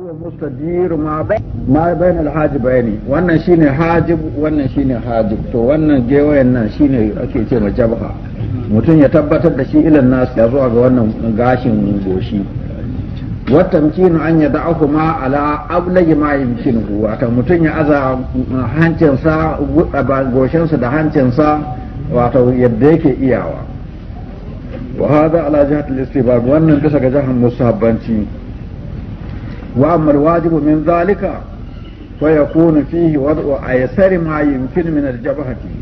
هو مستدير ما بين ما بين wannan shine hajib wannan shine hajib to wannan gewayen nan shine ake ce ma jabha mutum ya tabbatar da shi ilan nasu ya zuwa ga wannan gashin goshi watamkinu an ya da'ahu ma ala ablagi ma yumkinuhu wata mutum ya aza hancinsa goshinsa da hancinsa wata yadda yake iyawa wa hada ala jihatul istibab wannan bisa ga jihar musabbanci wa amma alwajibu min zalika fa yakunu fihi wad'u aysari ma yumkin min aljabhati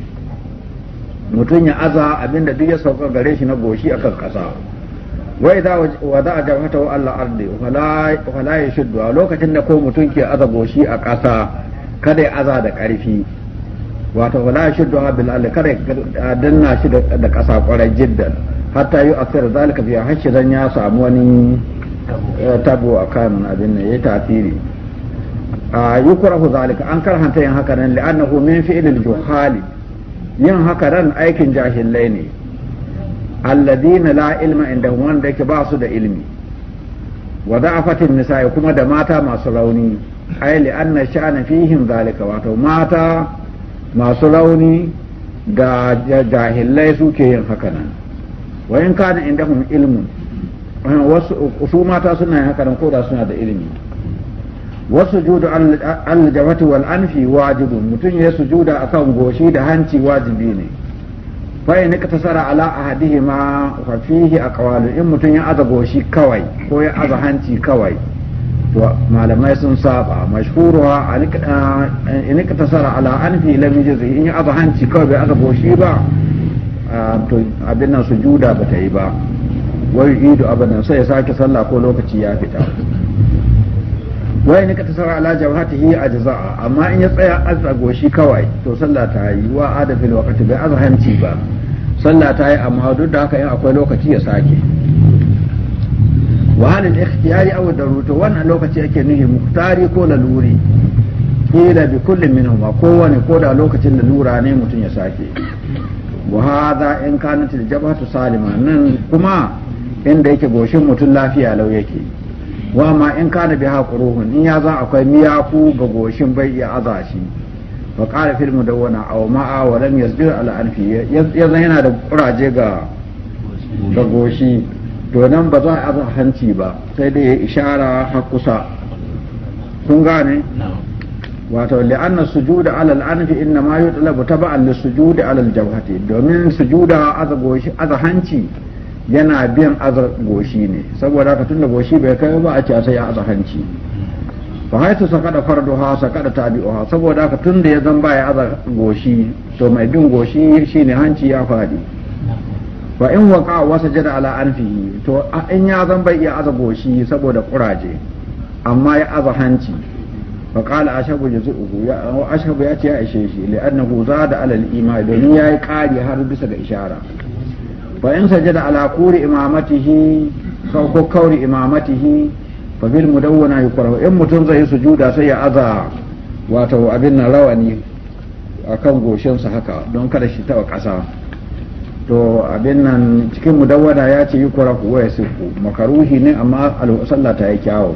mutum ya aza abinda duk ya sauka gare shi na goshi akan kasa wa idza wada'a jabhatahu alla ardi fala fala yashuddu a lokacin da ko mutum ke aza goshi a kasa kada ya aza da karfi wato wala yashuddu bil alla kada ya danna shi da kasa kwarai jiddan hatta yu asir zalika bi hashdan ya samu wani Eh, tabo a kanun abin nan ya tafiri a yi kurahu zalika an karhanta yin haka nan li'annahu min fi'lil juhali yin haka nan aikin jahilai ne alladina la ilma inda wanda ke ba su da ilmi wa da'afatin nisa'i kuma da mata masu rauni ai li'anna sha'ana fihim zalika wato mata masu rauni ga jahilai suke yin haka nan wa in kana indahum ilmun Eh, wasu su mata suna yin haka ko da suna da ilimi wasu judu aljabati wal anfi wajibu mutum ya sujuda akan goshi da hanci wajibi ne fa in tasara ala ma fa fihi aqwalu in mutum ya aza goshi kawai ko ya aza hanci kawai to malamai sun saba mashhuruha eh, in tasara ala anfi lami yujzi in ya aza hanci kawai bai aza goshi ba ah, to abin nan sujuda bata yi ba wai idu abadan sai ya sake sallah ko lokaci ya fita wai ne ka sara ala jawhatihi a jaza'a amma in ya tsaya azza goshi kawai to sallah ta yi wa fil waqti bai azhanci ba sallah ta yi amma duk da haka in akwai lokaci ya sake wa halin ikhtiyari aw daruto wannan lokaci ake nuhi muktari ko laluri kila bi kullin minhum kowane ko da lokacin da lura ne mutum ya sake wa hadha in kanat al jabhatu salima nan kuma inda yake goshin mutum lafiya lau yake wa ma in kana biha quruhun in ya za akwai miyaku ga goshin bai iya aza shi fa qala fil mudawwana aw ma'a wa lam anfi yanzu yana da kuraje ga ga goshi to nan ba za a aza hanci ba sai dai ya ishara har kusa kun gane wato su sujuda ala al-anfi inna ma yutlabu taba'an lis-sujudi ala al-jawhati domin sujuda aza goshi aza hanci yana bin azar goshi ne saboda haka tunda goshi bai kai ba a ce sai ya azahanci hanci fa haitu sakada farduha sakada ha saboda haka tunda ya zan ba ya azar goshi to mai bin goshi shine hanci ya fadi fa in waqa wa sajada ala anfihi to in ya zan bai ya azar goshi saboda kuraje amma ya aza hanci fa qala ashabu jazu'uhu ya ashabu ya ce ya ishe shi li'annahu zada ala al imani domin yayi kari har bisa ga ishara فإن سجد على كور imamatihi sau ko kauri imamatihi fa bil mudawwana yuqra in mutum zai sujuda sai ya aza wato abin سحكا rawani akan goshinsa haka don kada shi taba kasa to abin nan cikin mudawwana ya ce yuqra wa yasifu makaruhi ne amma al-sallah ta yi kyawu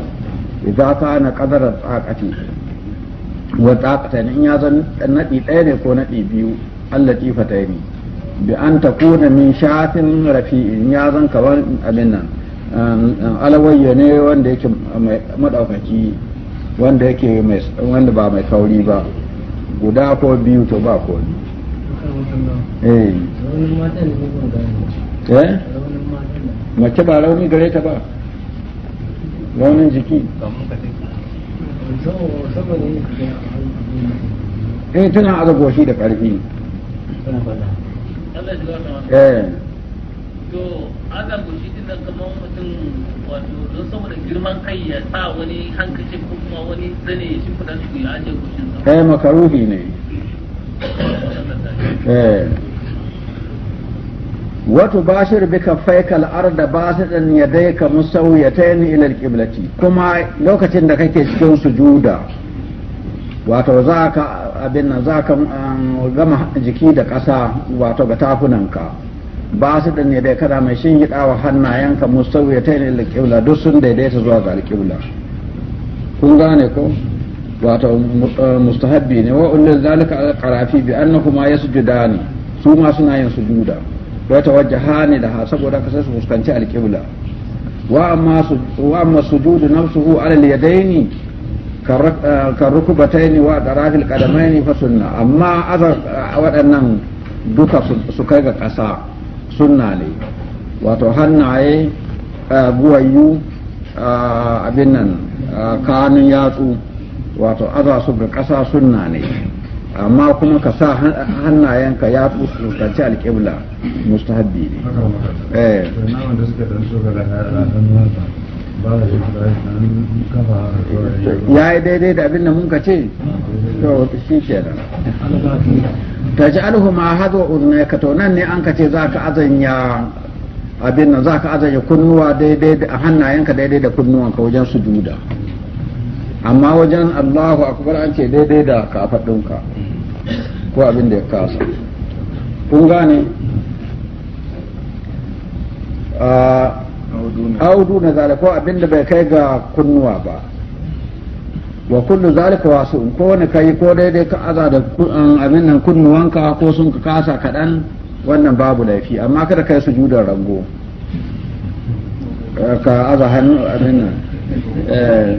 idan kana kadara tsakati wa ne in ya zan nadi ɗaya ne ko naɗi biyu allati fataini bi an takuna min shafin rafi'in ya zan kamar abin nan um, um, alawayya ne wanda yake madaukaki wanda yake wanda ba mai sauri ba guda ko biyu to ba ko eh eh mace ba rauni gare ta ba raunin jiki eh tana da ƙarfi eh to kamar mutum wato don saboda girman kai ya sa kuma wani ya ya ajiye sa eh makaruhi ne eh wato bashir bi kaffaika al-ard yadayka musawiyatayn ila kuma lokacin da kake cikin sujuda wato za ka abin nan za ka um, gama jiki da ƙasa wato ga tafunanka ba su da ne dai kada mai shin hannayen ka hannayenka mustawiya ta ne alƙibla duk sun daidaita zuwa ga alƙibla kun gane ko wato uh, mustahabbi ne wa ulil zalika alqarafi bi annahuma yasjudani su ma suna yin sujuda wa tawajjahani da ha saboda ka sai su fuskanci alqibla wa amma su wa amma sujudu nafsuhu ala alyadaini Ka كالركبتين وأطراف fa فسنة amma a waɗannan duka su kai ga ƙasa sunna ne wato hannaye buwayu abin nan kanun yatsu wato aza su ga ƙasa sunna ne amma kuma ka sa hannayenka ya fuskanci alƙibla mustahabbi ne ya yi daidai da abin da mun ka ce to shi nan ta ji alhuma hazo uzunai ka to nan ne an ka ce za ka azanya abin nan za ka azanya kunnuwa daidai da hannayenka daidai da ka wajen su duda amma wajen allahu akbar an ce daidai da kafaɗinka ko abin da ya kasa kun gane ah, audu na zalika abin da bai kai ga kunnuwa ba wa kullu zalika wasu ko wani kai ko daidai ka aza da um, abin nan kunnuwanka ko sun ka kasa kaɗan wannan babu laifi amma kada kai su judan rango ka aza hannu abin nan eh,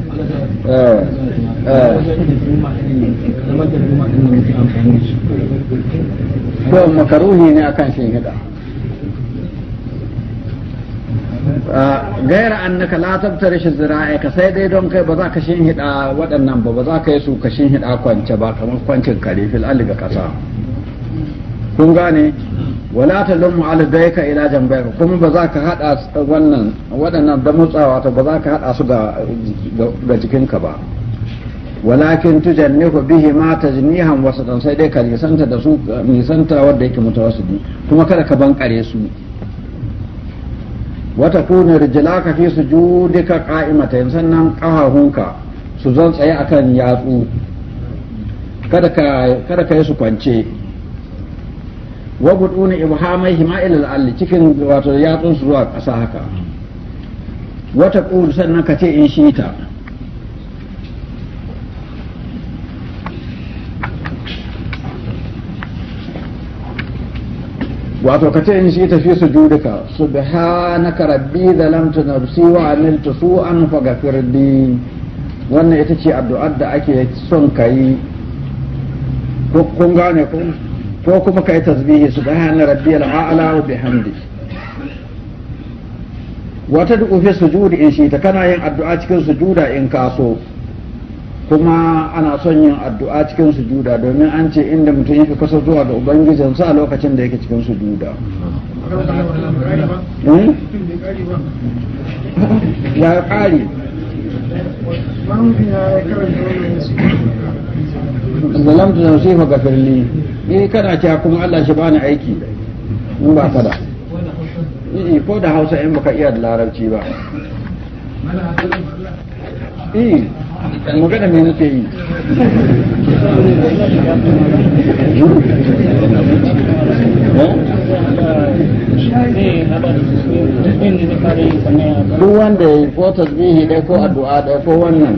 ko eh, eh. makaruhi ne akan shi hida ah, gaira annaka la tabtar shi ka sai dai don kai ba za ka shi hida waɗannan ba ba za ka yi su ka shi hida kwance ba kamar kwancin kare fil ga kasa kun gane wala ta lumu ala daika ila jambayka kuma ba za ka hada wannan waɗannan da mutsawa ta ba za ka hada su ga ga jikinka ba walakin tujannihu bihi ma tajnihan wasatan sai dai ka nisanta da su nisanta wanda yake mutawassidi kuma kada ka bankare su wata kuna rijlaka fi sujudika qa'imatan sannan qahahunka su zan tsaye akan yatsu kada ka kada ka yi su kwance wa buduna ibhamaihima ila al cikin wato ya tsunsu zuwa ƙasa haka wata ƙuru sannan ka ce in shi ta wato ka ce in shi ta fi su judika subhanaka rabbi zalamtu nafsi wa amiltu su'an faghfir li wannan ita ce addu'ar da ake son yi kun gane ko ko kuma kai tasbihi subhana rabbiyal a'la wa bihamdi wata duk fi sujudi in shi ta kana yin addu'a cikin sujuda in kaso kuma ana son yin addu'a cikin sujuda domin an ce inda mutum yake kusa zuwa ga ubangijinsa a lokacin da yake cikin sujuda hmm? ya ƙari zalamtu na fa ghafir li ni eh, kana ta kuma Allah shi bani aiki mu ba da eh ko da Hausa in baka iya larabci ba eh da me nake yi duk wanda ya yi ko tasbihi dai ko addu'a dai ko wannan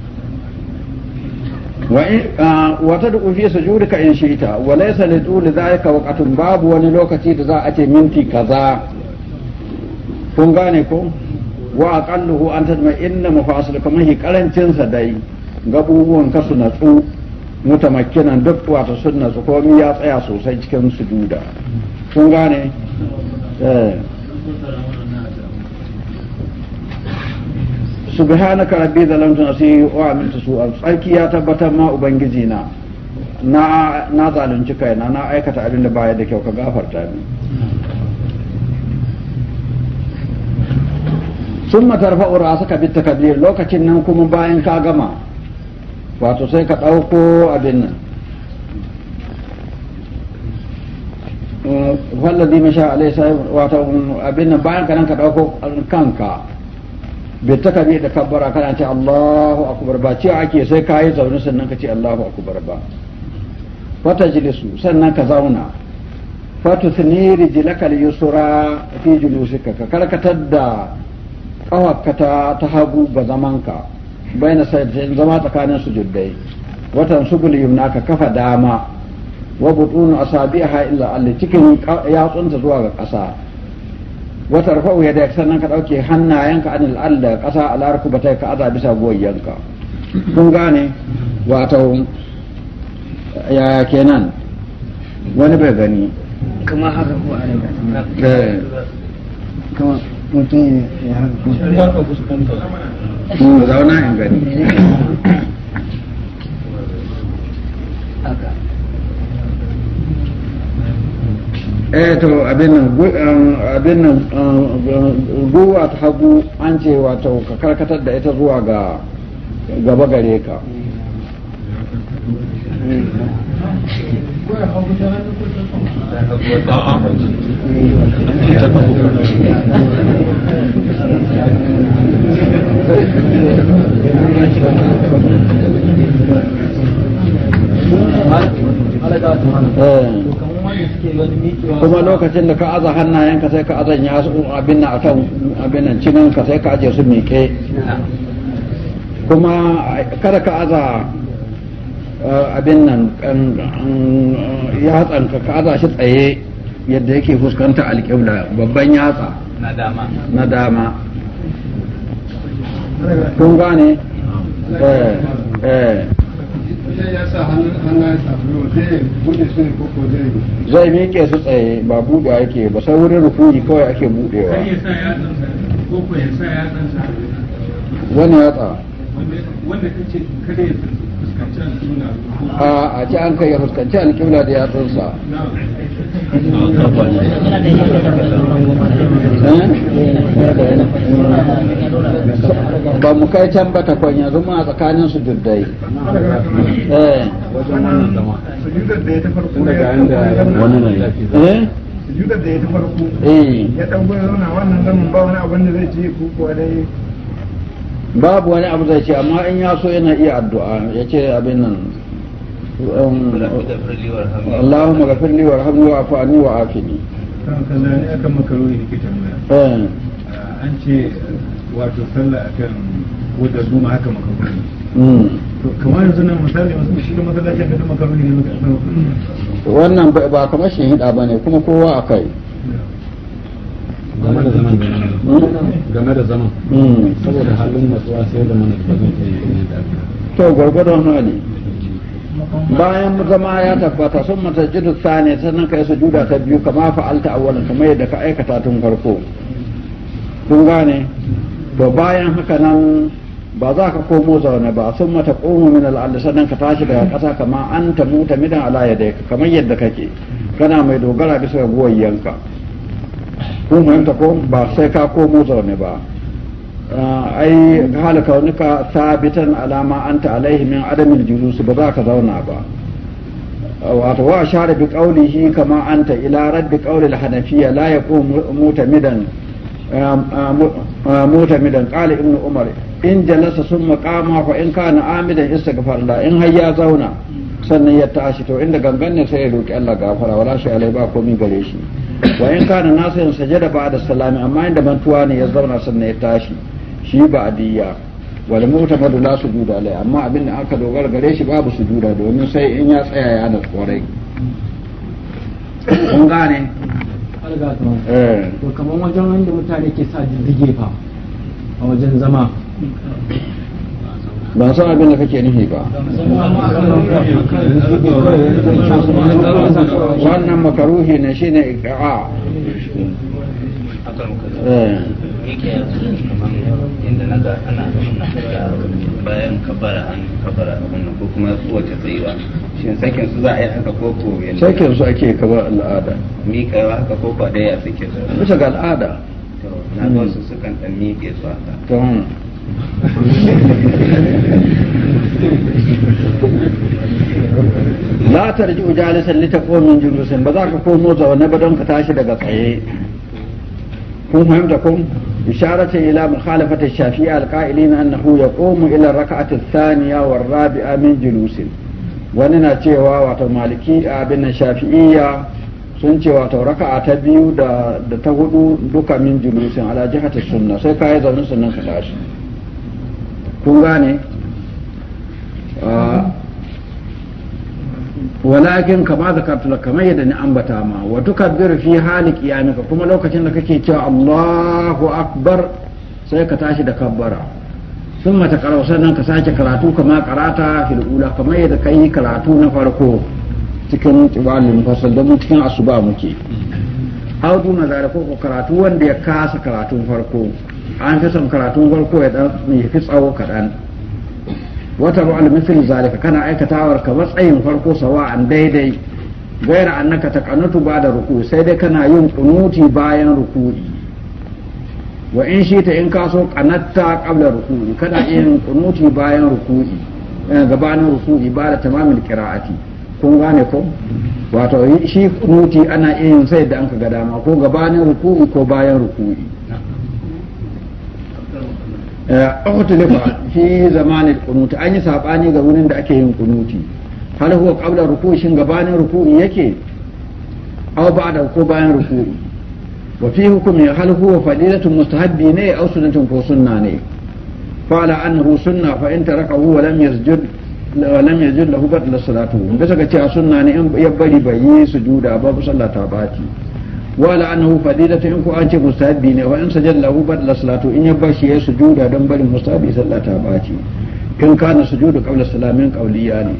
wata su juri ka in shita wa laysa li tuli zalika waqtun babu wani lokaci da za a ce minti kaza kun gane ko wa aqalluhu an tadma inna mafasil kamar hi karancin sa dai gabubuwan ka su natsu mutamakkinan duk wata sun natsu komai ya tsaya sosai cikin su sujuda kun gane subhanaka rabbi zalamtu nafsi wa amiltu a tsarki ya tabbatar ma ubangiji na na na zalunci kaina na aikata abin da baya da kyau ka gafarta ni sun matarfa urasaka bit takbir lokacin nan kuma bayan ka gama wato sai ka ɗauko abin nan wallazi masha alaihi wato abin nan bayan ka nan ka ɗauko kanka bai taka da kabbara kana ce Allahu akbar ba ce ake sai kayi zaune sannan ka ce Allahu akbar ba fata jilisu sannan ka zauna fatu siniri jilakal yusra fi julusika ka karkatar da kawarka ta ta hagu ga zamanka baina na zama tsakanin sujuddai watan sugul yumna ka kafa dama wa butun asabiha illa alli cikin yatsunta zuwa ga ƙasa wata rafa'u ya da sannan ka dauke hannayenka an al'alla ƙasa al'arku ba ta ka aza bisa goyyanka kun gane wato yaya kenan wani bai gani kama haka ko a eh. kama mutum ya haka ko zauna in gani eh to abin nan um, abin nan um, um, guwa ta hagu an ce wato ka karkatar da ita zuwa ga gaba gare ka Eh. kuma lokacin da ka aza hannayenka sai ka azan ya su abin akan abin nan cinin ka sai ka aje su mike kuma kada ka aza eh, abin nan eh, ya ka aza shi tsaye yadda yake fuskanta alƙibla babban yatsa na dama kun gane eh eh zai miƙe su tsaye ba buɗe ake ba sai wurin rufuni kawai ake buɗewa wani yatsa wanda ce kada ya a ci an kai ya fuskanci an kibla da ya tsunsa eh? ba mu kai can ba ta kwanya zuma a tsakanin su duddai eh. eh? sujudar da ya ta farko ya ɗan zauna wannan zaman ba wani abin da zai ce ko kuwa dai babu wani abu zai ce amma in ya so yana iya addu'a ya ce abin nan um, Allahumma ghafir li warhamni wa'fu anni wa'afini kan kan ne akan makaroni ne ke eh. ah, an ce wato sallah akan wadda zuma haka makaroni hmm. kamar yanzu nan misali wasu shi da masallaci akan makaroni ne wannan ba kamar shi hida bane kuma kowa akai zaman zaman game da zaman hmm. saboda halin matsuwa sai da mana ba zan iya yin da to gwargwadon hali bayan zama ya tabbata sun mata jidu sani sannan ka yi sujuda ta biyu kama fa'alta awwalan kamar yadda ka aikata tun farko kun gane to bayan haka nan ba za ka komo zaune ba sun mata komo min al'adu sannan ka tashi daga ƙasa kama an ta muta midan ala ya kamar yadda kake kana mai dogara bisa ga goyayyanka kun fahimta ko ba sai ka komo zaune ba ah, ai hala kaunuka sabitan alama anta alaihi min adamin julusu ba za ka zauna ba ah, wato wa share bi qaulihi kama anta ila raddi qauli hanafiya hanafiyya la yaqum mutamidan ah, mutamidan qala ibnu umar in jalasa summa qama fa in kana amidan istaghfar la in hayya zauna sannan ya tashi to inda gangan ne sai ya roki Allah gafara wala shi alai ba komai gare shi wa in kana sajada ba da salami amma inda mantuwa ne ya zauna sannan ya tashi shi ba adiyya wal mu'tamadu la sujuda alai amma abin da aka dogara gare shi babu sujuda domin sai in ya tsaya ya da tsorai kun gane eh. to kamar wajen wanda mutane ke sa jirgin fa a wajen zama ban san abin da kake nufi ba wannan makaruhi ne shi ne iqa'a inda na ga ana bayan kabara an kabara wannan ko kuma wace tsayuwa shin sakin su za a yi haka ko ko sakin su ake kaba al'ada miƙawa haka ko ko dai a sakin su bisa ga al'ada na ga wasu sukan dan miƙe su haka hmm. za ta rage ujalisan lita komin jirusin ba za ka komo zaune ba don ka tashi daga tsaye kun fahimta kun isharace ila mukhalafata shafi'a alqa'ilina annahu yaqumu ila rak'ati thaniya wa rabi'a min julusin wani na cewa wato maliki abin shafi'iyya sun ce wato raka'a ta biyu da ta hudu duka min julusin ala jihati sunna sai kai zaune sunan ka tashi kun gane ah, walakin kama zakartu la kamar yadda ni ambata ma wa tukabbiru fi hali qiyamika kuma lokacin da kake cewa Allahu akbar sai ka tashi da kabbara sun mata taqra'u sannan ka sake karatu kama karata fil ula kamar yadda kai karatu na farko cikin tibalin fasal da cikin asuba muke aw duna zalika ko karatu wanda ya kasa karatun farko an fi son karatun farko ya dan ya fi tsawo kaɗan wata ru'al misal zalika kana aikatawar ka matsayin farko an daidai gaira annaka taqanutu ba da ruku sai dai kana yin kunuti bayan ruku'i wa in shi ta in ka so kanatta qabla ruku'i kana yin kunuti bayan ruku'i gabanin ruku'i ba da tamamin qira'ati kun gane ko wato shi kunuti ana yin sai da an ka ga dama ko gabanin ruku'i ko bayan ruku'i ukhtulifa fi zamanil qunut an yi saɓani ga wurin da ake yin kunuti hal huwa qabla ruku'i shin gabanin ruku'i yake aw ba'da ko bayan ruku'i wa fi hukmi hal huwa fadilatun mustahabbi ne aw sunnatun ko sunna ne fa annahu sunna fa in tarakahu wa lam yasjud wa lam yasjud lahu batla salatu bisa ga cewa sunna ne in ya bari bai yi sujuda ba sallah ta bati wala annahu fadilatu in ku an ce mustahabi ne wa in sajada lahu badla salatu in ya bashi ya sujuda don barin mustahabi sallata baci in kana sujudu qabla salamin qawliya ne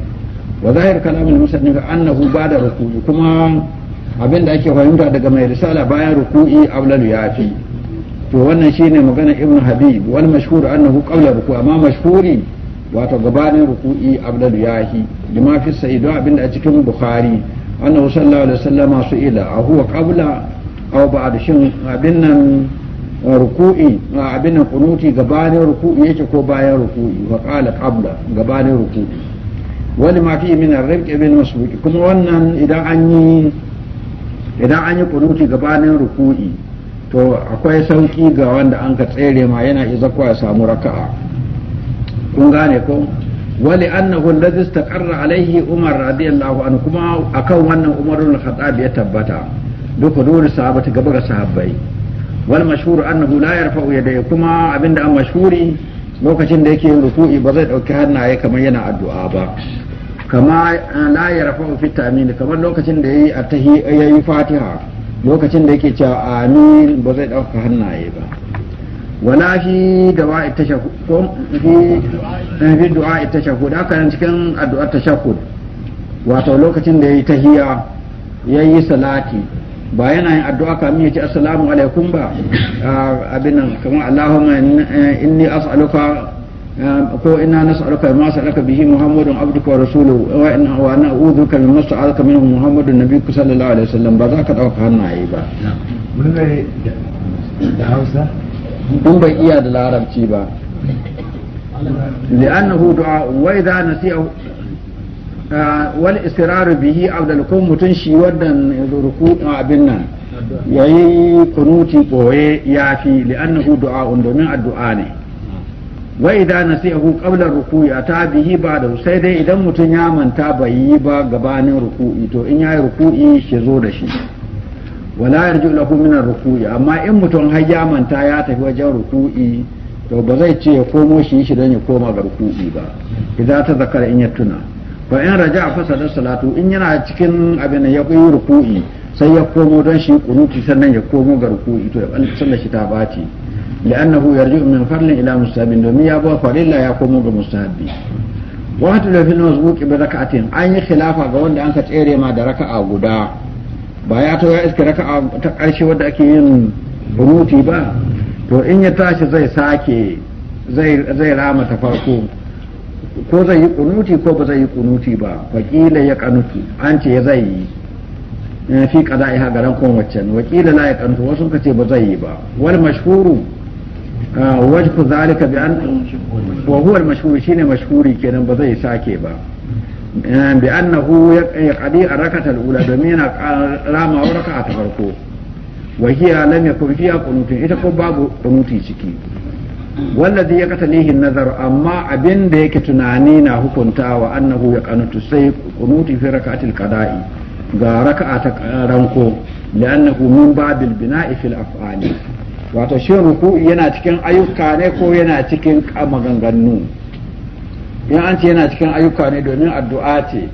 wa zahir kalamul musannif annahu ba'da ruku'i kuma abinda ake fahimta daga mai risala bayan ruku'i ablalu yafi to wannan shine magana ibn habib wal mashhur annahu qawla ruku'i amma mashhuri wato gabanin ruku'i ablalu yahi lima fi sa'idu abinda a cikin bukhari annahu sallallahu alaihi wasallama su'ila a huwa qabla aw ba'da shin abin nan ruku'i abin nan kunuti gabanin ruku'i yake ko bayan ruku'i wa qala qabla gabanin ruku'i wani ma fi min ar-rifq bil masbuq kuma wannan idan an yi idan an yi kunuti gabanin ruku'i to akwai sauki ga wanda an ka tsere ma yana iza zakwa ya samu raka'a kun gane ko wali annahu alladhi istaqarra alaihi umar radiyallahu anhu kuma akan wannan umar ibn khattab ya tabbata duka dole sahabata gaba ga sahabbai wal mashhur annahu la yarfa'u yadayhi kuma abinda an mashuri. lokacin da yake ruku'i ba zai dauki hannaye kamar yana addu'a ba kama eh, la yarfa'u fi ta'min kamar lokacin da yayi yayi fatiha lokacin da yake cewa amin ba zai dauka hannaye ba da fi du'a tashahhud ko fi du'a tashahhud haka nan cikin addu'ar tashahhud wato lokacin da ya yi yayi ya yi salati ba yana yin addu'a kamin ya ci asalamu alaikum ba abin nan kamar Allahumma inni as'aluka ko inna nas'aluka masu sa'alaka bihi Muhammadun abduka wa rasuluhu wa inna wa na'udhuka min mas'alaka minhu Muhammadun nabiyyuka sallallahu alaihi sallam ba za ka ɗauka hannu ba da Hausa in bai iya da larabci ba li'annahu du'a wa idza nasi'a wal israr bihi abdal kun mutun shi wannan ruku abin nan yayi kunuti boye yafi li'annahu du'a domin addu'a ne wa idza nasi'ahu qabla ruku'i ta bihi ba'da sai dai idan mutun ya manta bai yi ba gabanin ruku'i to in yayi ruku'i shi zo da shi wala yarju lahu min ruku'i amma in mutum har ya manta ya tafi wajen ruku'i to ba zai ce ya komo shi shi don ya koma ga ruku'i ba idan ta zakara in ya tuna ko in a fasada salatu in yana cikin abin ya yi ruku'i sai ya komo don shi kunuti sannan ya komo ga ruku'i to ya sallar shi ta baci li'annahu yarju min farlin ila mustahabin domin ya ba farilla ya komo ga mustahabi wahatu da fil mazbuqi bi raka'atin an yi khilafa ga wanda an ka tsere ma da raka'a guda ba ya ta ya iska raka ta ƙarshe wadda ake yin buruti ba to in ya tashi zai sake zai rama ta farko ko zai yi kunuti ko ba zai yi kunuti ba wakila ya kanutu an ce zai yi eh, fi kaza ya hagaran kuma waccan wakila la ya kanutu wasu ka ce ba zai yi ba wal mashhuru ah, wajhu zalika bi an wa huwa al mashhur shine mashhuri kenan ba zai sake ba Eh, bi annahu ya eh, qadi rakata al domin yana rama wa raka'a ta farko wa hiya lam yakun fiha qunutun ita ko babu qunuti ciki wallazi ya katalihin nazar amma abinda da yake tunani na hukunta wa annahu ya qanutu sai qunuti fi rak'atil qada'i ga raka'a ta ranko li'annahu min babil bina'i fil af'ali wato shi ruku yana cikin ayyuka ne ko yana cikin maganganu in an ce yana cikin ayyuka ne domin addu'a ce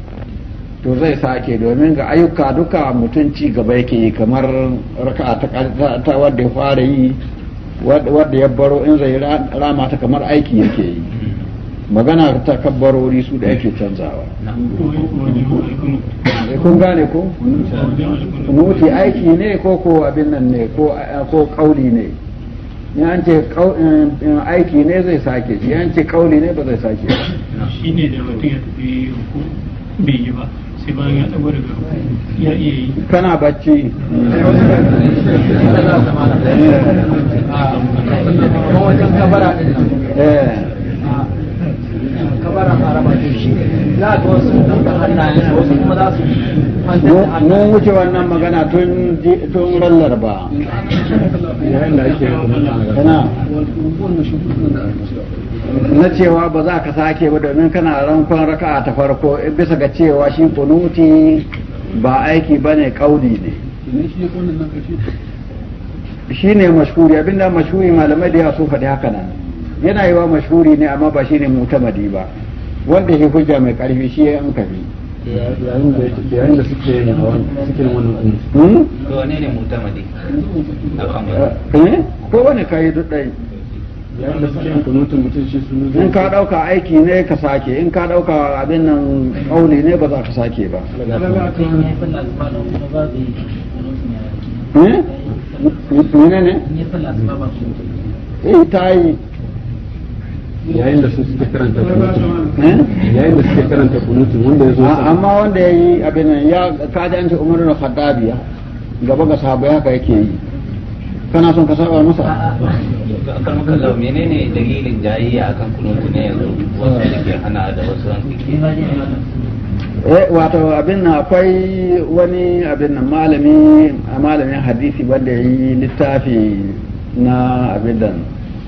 to zai sake domin ga ayyuka duka mutum ci gaba yake yi kamar raka ta wadda ya fara yi wadda ya baro in zai rama ta kamar aiki yake yi magana ta kabbarori su da yake canzawa kun gane ko mutu aiki ne ko ko abin nan ne ko kauli ne in ce aiki ne zai sake shi in ce kauli ne ba zai sake shi shi ne da mutum ya tafi ruku bai yi ba sai bayan ya tsago daga ya iya yi kana bacci wajen eh. kabara mun wuce wannan magana tun ba. na cewa ba za ka sake ba domin kana rankon raka ta farko eh, bisa ga cewa shi kunuti ba aiki ba ne kaudi ne shi ne mashuri abinda mashuri malamai da ya so faɗi haka nan yana yi wa mashhuri ne amma ba shine mutamadi ba wanda shi hujja mai karfi shi ya an kafi yayin da suke yin wannan hmm? wane ne mutamadi eh? Eh? ko wani kayi duk ɗai yayin da suke yin kunutun mutum shi su in ka ɗauka aiki ne ka sake in ka ɗauka abin nan ƙauli ne ba za ka sake ba hmm? ne ne? Eh ta yi yayin da su suka karanta kunutun eh? yayin da suka karanta kunutun wanda ya zo amma wanda ya yi abin ya kaji an ce umaru na khaddabiya gaba ga sahabbai haka yake yi kana son ka saba masa kan kallau menene dalilin jayayya akan kunutun ne yanzu wanda yake hana da wasu eh wato abin nan akwai wani abin nan malami malamin hadisi wanda ya yi littafi na abin nan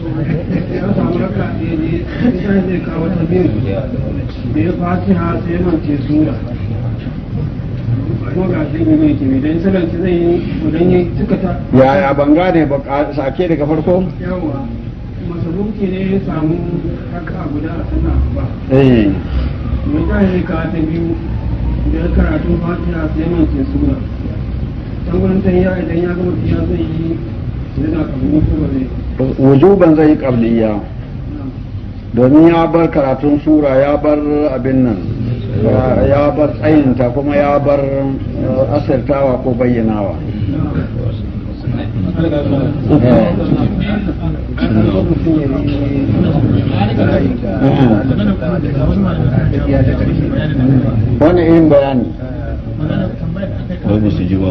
ya fatiha sai mance ban gane ba sake daga farko yawa masarufi ne ya samu haka guda a sana ba eh ta tashi ka ta biyu da karatun fatiha sai mance suna? ta wurin ta idan ya gama ya zai yi na kamar mutuwa zai wujuban zai yi ƙabliya domin ya bar karatun sura ya bar abin nan ya bar tsayinta kuma ya bar uh, asirtawa ko bayyanawa wani bayani wai ba su ji ba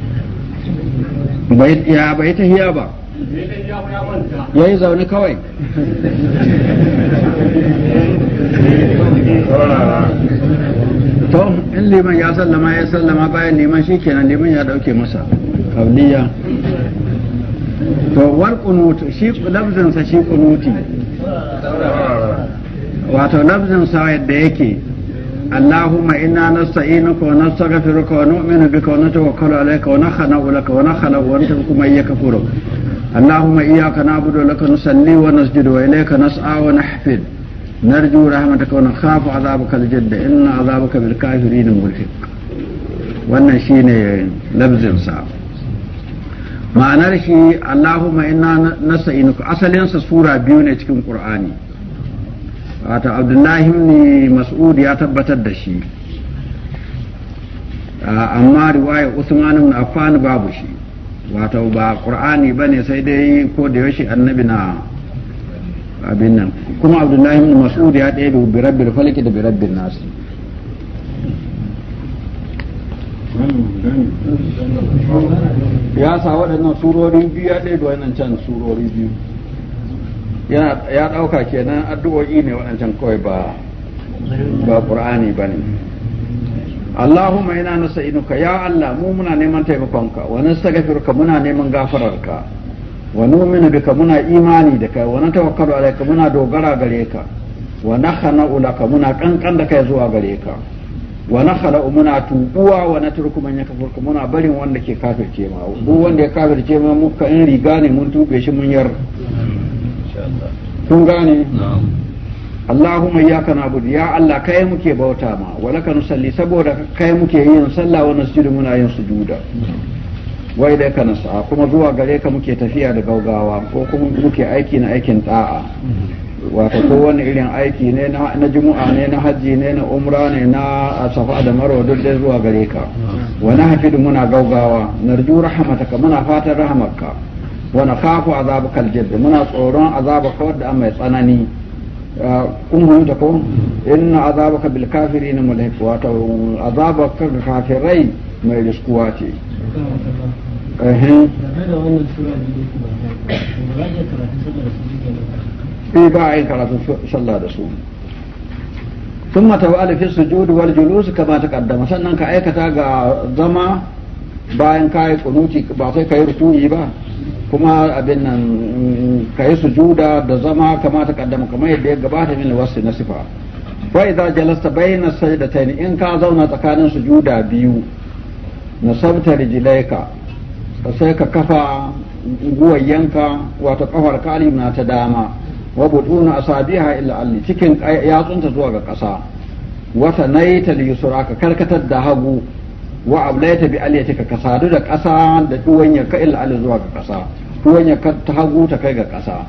ya bai ta ba ya yi zaune kawai to in liman ya sallama ya sallama bayan liman shi kenan liman ya dauke masa kauliya to war kunut shi lafzinsa shi kunuti wato lafzinsa yadda yake اللهم إنا نستعينك ونستغفرك ونؤمن بك ونتوكل عليك ونخنع لك ونخلع ونترك من يكفرك اللهم إياك نعبد لك نصلي ونسجد وإليك نسعى ونحفد نرجو رحمتك ونخاف عذابك الجد إن عذابك بالكافرين ملحق wannan shine labzinsa ma'anar shi Allahumma inna nasta'inuka asalinsa sura biyu ne cikin Qur'ani wata abdullahi ne mas'ud ya tabbatar da shi amma riwaya usman ibn affan babu shi wato ba qur'ani bane sai dai ko da yaushe annabi na abin nan kuma abdullahi ibn mas'ud ya ɗaya bi rabbil falaki da bi rabbin nas ya sa waɗannan surori biyu ya ɗaya da wannan can surori biyu yana ya ɗauka kenan addu'o'i ne waɗancan kawai ba ba ba bane Allahumma ina inuka ya Allah mu muna neman taimakonka wa nastaghfiruka muna neman gafararka wa bi bika muna imani da kai wa natawakkalu alayka muna dogara gare ka wa nakhana'u ka muna kankan da kai zuwa gare ka wa nakhala muna tubuwa wa natruku man ka muna barin wanda ke kafirce ma duk wanda ya kafirce ma muka in riga ne mun tube shi mun yar kun gane Allahumma iyyaka na'budu ya Allah kai muke bauta ma walaka nusalli saboda kai muke yin sallah wa nasjudu muna yin sujuda wa ilayka nas'a kuma zuwa gare ka muke tafiya da gaugawa ko kuma muke aiki na aikin ta'a. wato ko wani irin aiki ne na jumu'a ne na hajji ne na umra ne na safa da marwa duk dai zuwa gare ka wa nahfidu muna gaugawa narju rahmataka muna fatan rahmatka wa nakhafu azabakal jadd muna tsoron azabaka da an mai tsanani ah, kun fahimta ko inna ka bil kafirin mulhiq wato azabaka ga kafirai mai riskuwa ce eh eh ba a yin karatu sallah da su ثم توالى في السجود والجلوس كما تقدم sannan ka aikata ga zama bayan kai kunuti ba sai ka yi rukuni ba kuma abin nan mm, ka yi sujuda da zama kama ta kaddama kamar yadda ya gabata min wasu na sifa fa idza jalasta bayna sajdatayn in ka zauna tsakanin sujuda biyu nasabta rijlaika sai ka kafa guwayyanka wato kafar ka na ta dama wa buduna asabiha ila alli cikin yatsunta zuwa ga ƙasa wata naita liyusura ka karkatar da hagu wa ablaita bi aliyatika ka sadu da kasa da tuwan ka illa ali zuwa ga ƙasa tuwan ka ta hagu ta kai ga ƙasa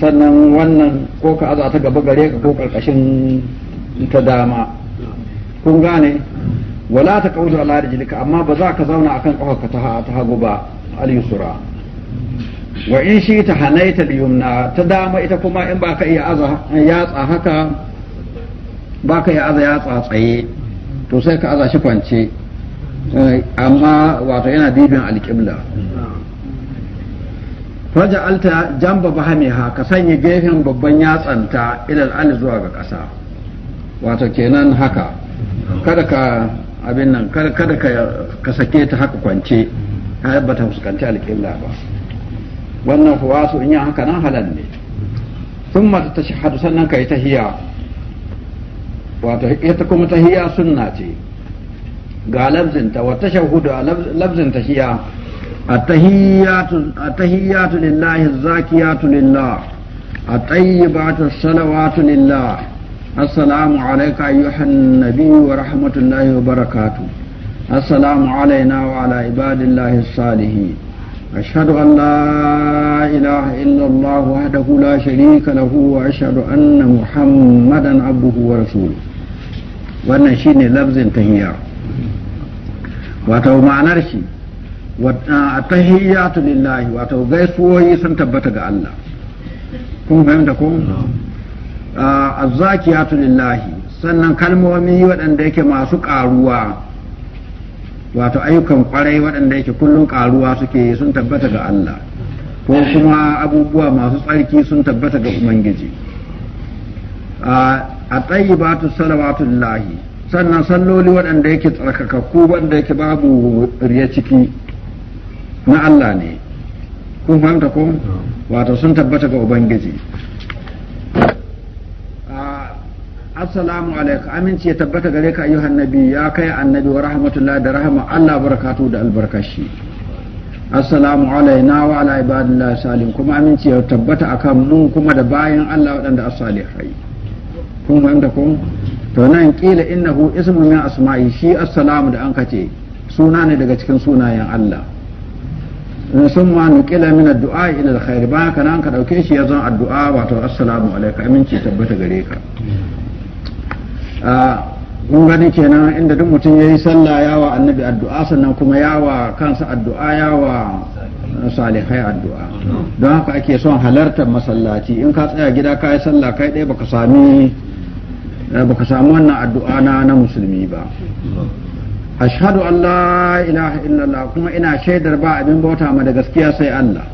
sannan wannan ko ka aza ta gaba gare ka ko karkashin ta dama kun gane wala ta kauzu ala rijlika amma ba za ka zauna akan kan ka ta hagu ba al yusra wa in shi ta hanaita bi yumna ta dama ita kuma in ba ka iya aza yatsa haka ba ka iya aza yatsa tsaye to sai ka aza shi kwance Eh, amma wato yana dibin alƙibla faja alta jamba bahamiha ka sanya gefen babban yatsanta ilal ali zuwa ga ƙasa wato kenan haka kada ka abin nan kada ka sake ta haka kwance har ba ta fuskanci alƙibla ba wannan kuwa su in yi haka nan halal ne sun mata ta shahadu sannan ka yi tahiya wato ita kuma tahiya sunna ce ga lafzinta wata shahudu a lafzinta shiya a tahiyyatu lillahi zakiyatu lillah a tayyibatu salawatu lillah assalamu alayka ayyuhan nabiyyu wa rahmatullahi wa barakatuh assalamu alayna wa ala ibadillahi salihin أشهد أن لا إله إلا الله وحده لا شريك له وأشهد أن محمدا عبده ورسوله وأن شيني لفظ تهيئة wato ma'anar shi tahiyyatu lillahi wato gaisuwoyi sun tabbata ga Allah kun fahimta ko azzakiyatu lillahi sannan kalmomi waɗanda yake masu ƙaruwa wato ayyukan kwarai waɗanda yake kullum ƙaruwa suke sun tabbata ga Allah ko kuma abubuwa masu tsarki sun tabbata ga Ubangiji a tsayi salawatu lillahi sannan salloli waɗanda yake tsarkakakku waɗanda yake babu riya ciki na Allah ne kun fahimta ko hmm. wato sun tabbata ga ubangiji ah, assalamu alaikum aminci ya tabbata gare ka ayyuhan nabi ya kai annabi wa rahmatullah da rahama Allah barakatu da albarkashi assalamu alaina wa ala ibadillah salim kuma aminci ya tabbata akan mu kuma da bayan Allah waɗanda as-salihai kun fahimta ko to nan kila innahu ismu min asma'i shi assalamu da an kace suna ne daga cikin sunayen Allah in sun ma kila min addu'a ila alkhair ba ka nan ka dauke shi ya addu'a wato assalamu alaikum aminci tabbata gare ka Mun gani kenan inda duk mutum yayi sallah yawa annabi addu'a sannan kuma yawa kansa addu'a yawa salihai addu'a don haka ake son halartar masallaci in ka tsaya gida ka yi sallah kai ɗaya baka sami Eh, baka samu wannan addu'a na na musulmi ba ashhadu an la ilaha illallah kuma ina shaidar ba abin bauta ma da gaskiya sai Allah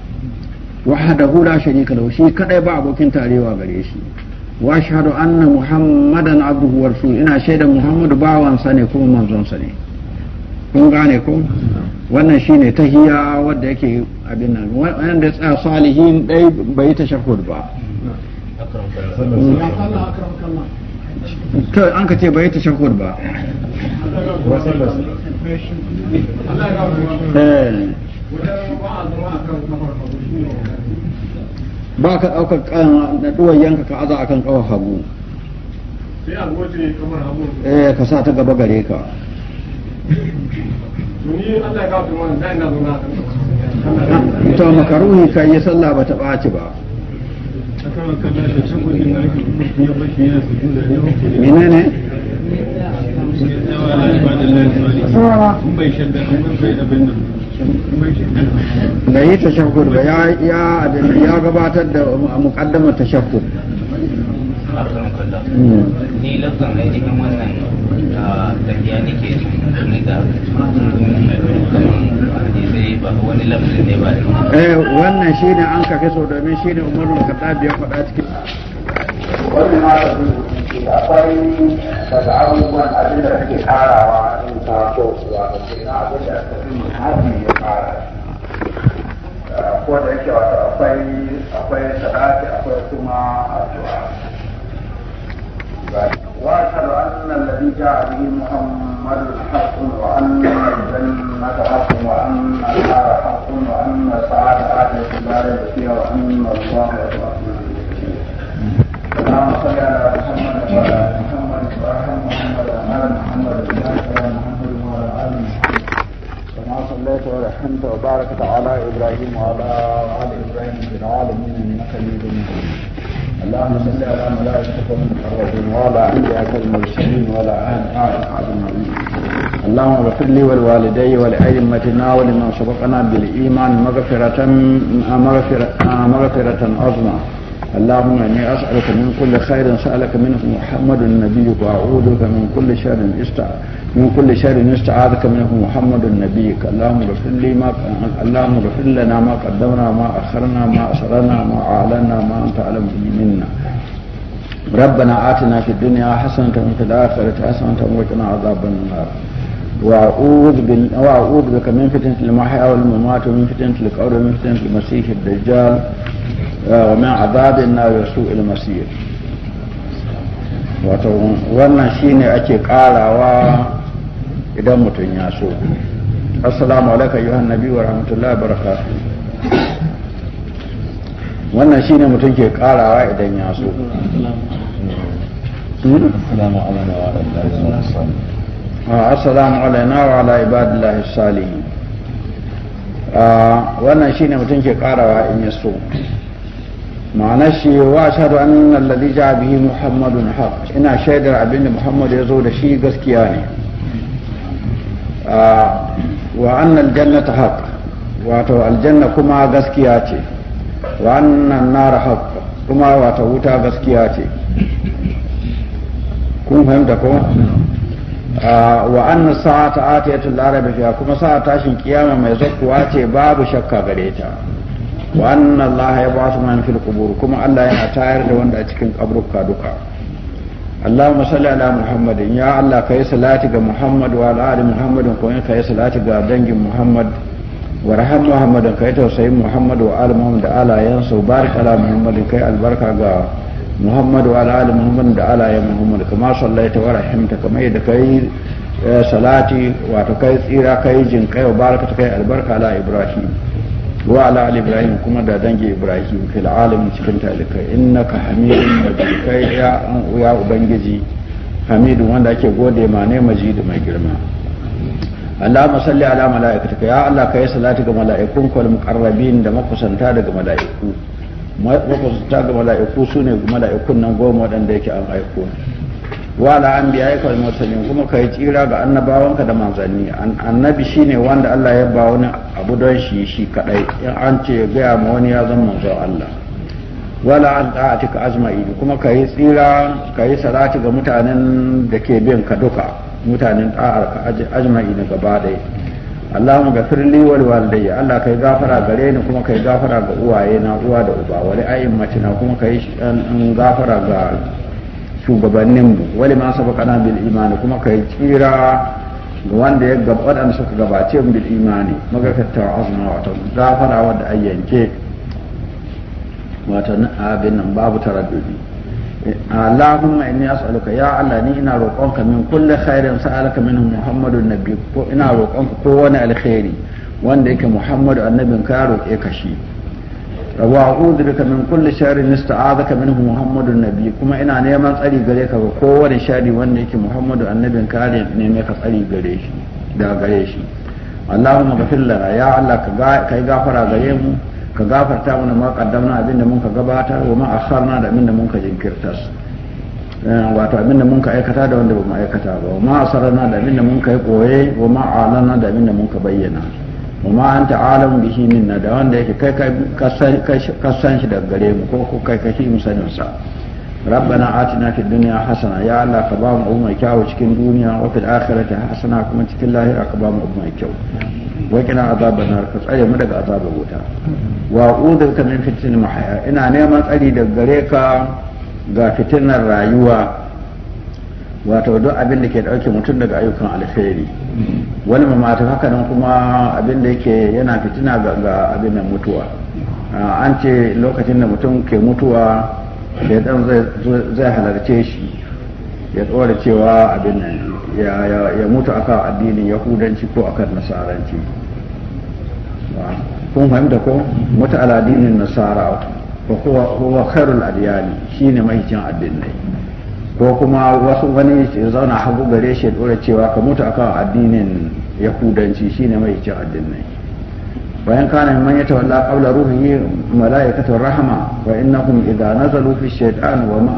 wahdahu la sharika lahu shi kadai ba abokin tarewa gare shi wa ashhadu anna muhammadan abduhu wa rasuluhu ina shaidar muhammadu bawansa ne kuma sa ne kun gane ko wannan shine tahiya wanda yake abin nan wanda tsaya salihin dai bai ta tashahhud ba akram kallah to an ka ce bai ta shakur ba eh. ba ka ɗaukar na ɗuwar yanka ka aza akan ƙawar hagu eh ka sa ta gaba gare ka ita makaruni ka ya sallah ba ta ɓaci ba menene bai ya gabatar da mukaddamar tashakkur Hmm. ni lafzan wannan tafiya nake jin da eh, shi ne an kafe so domin shi ne umarun kaɗa biya faɗa cikin wani ma da su akwai daga abubuwan abin da suke karawa in ka so da ke na abin da aka fi muhaji ya kara eh, ko da yake wata akwai akwai sadaki akwai kuma واشهد ان الذي جاء به محمد حق وان الجنه حق وان النار حق وان الساعه لا ريب فيها وان الله اللهم صل على محمد وعلى ال محمد وعلى محمد وعلى محمد وعلى محمد وعلى ال محمد كما صليت ورحمت وباركت على ابراهيم وعلى ال ابراهيم في العالمين انك حميد مجيد اللهم صل على ملائكتك المقربين وعلى انبيائك المرسلين وعلى اللهم اغفر لي ولوالدي ولائمتنا ولمن سبقنا بالايمان مغفرة مغفرة عظمى اللهم إني أسألك من كل خير سألك منه محمد النبي وأعوذ بك من كل شر استع... من كل شر استعاذك منه محمد النبي اللهم اغفر لي ما اللهم اغفر لنا ما قدمنا ما أخرنا ما اسرنا ما أعلنا ما أنت أعلم به منا ربنا آتنا في الدنيا حسنة وفي الآخرة حسنة وقنا عذاب النار وأعوذ بال... وأعوذ بك من فتنة المحيا والممات ومن فتنة القبر ومن فتنة المسيح الدجال ومن عذاب النار وسوء المصير wato wannan shine ake karawa idan mutum ya so assalamu alaikum yuhan nabi wa rahmatullahi barakatuh wannan shine mutum ke karawa idan ya so assalamu alaina wa ala ibadillahi salihin wannan shine mutum ke karawa in ya so ma'ana shi wa ashhadu anna alladhi ja'a bihi muhammadun haq ina shaidar abin da muhammad ya zo da shi gaskiya ne ah, wa aljanna ta haq wato aljanna kuma gaskiya ce wa anna an-nar haq kuma wato wuta gaskiya ce kun fahimta ko ah, wa anna sa'ata atiyatul arabi fiha kuma sa'a tashin kiyama mai zakkuwa ce babu shakka gare ta wa anna allaha yab'athu man fil qubur kuma Allah yana tayar da wanda a cikin kaburka duka Allahumma salli ala Muhammadin ya Allah kai salati ga Muhammad wa Muhammadin ko kai salati ga dangin Muhammad wa Muhammadin tausayin Muhammad wa Muhammad da barik ala Muhammadin albarka ga Muhammad wa Muhammad Ibrahim wa ala ali ibrahim kuma da dangi ibrahim fil alamin cikin talika innaka hamidun majid kai ya ya ubangiji hamidu wanda ake gode ma ne majid mai girma Allahumma salli ala malaikatika ya Allah kai salati ga mala'ikun kal muqarrabin da makusanta daga mala'iku makusanta ga mala'iku sune mala'ikun nan goma waɗanda yake an aiko wa an biya ka mursalin kuma ka yi tsira ga annabawanka da manzanni annabi shine wanda Allah ya ba wani abu don shi shi kadai in an ce ya gaya ma wani ya zama manzo Allah wala an azma ili kuma ka yi tsira ka yi salati ga mutanen da ke bin ka duka mutanen da'ar ka ajma'in gaba dai Allahumma ghafir li wal walidayya Allah kai gafara gare ni kuma kai gafara ga uwaye na uwa da uba wali a'immatina kuma kai gafara ga shugabanninmu wani ma sabaqana bil imani kuma kai tsira ga wanda ya waɗanda suka gabace mu bil imani magakatta azuma wato gafara wadda a yanke wato abin nan babu taraddudi eh, Allahumma inni as'aluka ya Allah ni ina roƙonka min kulli khairin sa'alaka minhu Muhammadun nabi ko ina roƙonka ko wani alkhairi wanda yake Muhammadu annabin ka roƙe ka shi wa'udu bika min kulli sharrin ista'azaka minhu muhammadun nabi kuma ina neman tsari gare ka ga kowane shari wanda yake muhammadu annabin ka ne neme ka tsari gare shi da gare shi allahumma ghafir lana ya allah ka kai gafara gare mu ka gafarta mana ma qaddamna abinda mun ka gabatar wa ma akharna da abinda mun ka jinkirta eh, wato abinda mun ka aikata da wanda ba mu aikata ba wa ma asarna da abinda mun ka yi koye wa ma alana da abinda mun ka bayyana kuma an ta'alam bihi minna da wanda yake kai kasan shi daga gare mu ko ko kai ka shi musanin sa rabbana atina fid dunya hasana ya allah ka ba mu abu kyau cikin duniya wa fil akhirati hasana kuma cikin lahira ka ba mu abu kyau wa kina azaban nar ka tsare mu daga azabar wuta wa a'udhu ka min fitnatil mahaya ina neman tsari daga gare ka ga fitinar rayuwa wato duk abin da ke dauke mutum daga ayyukan alheri wani mamata haka nan kuma abin da yake yana fitina ga abin da mutuwa an ce lokacin da mutum ke mutuwa shaidan zai halarce shi ya tsora cewa abin ya mutu aka addinin yahudanci ko akan nasaranci kun fahimta ko mutu aladinin nasara ko kowa khairul adiyani shine mahicin addinai ko kuma wasu wani ya zauna hagu gare shi ya dora cewa ka mutu akan addinin yahudanci shine mai cin addinai bayan kana man ya tawalla qawla ruhihi malaikatu rahma wa innahum idza nazalu fi shaytan wa ma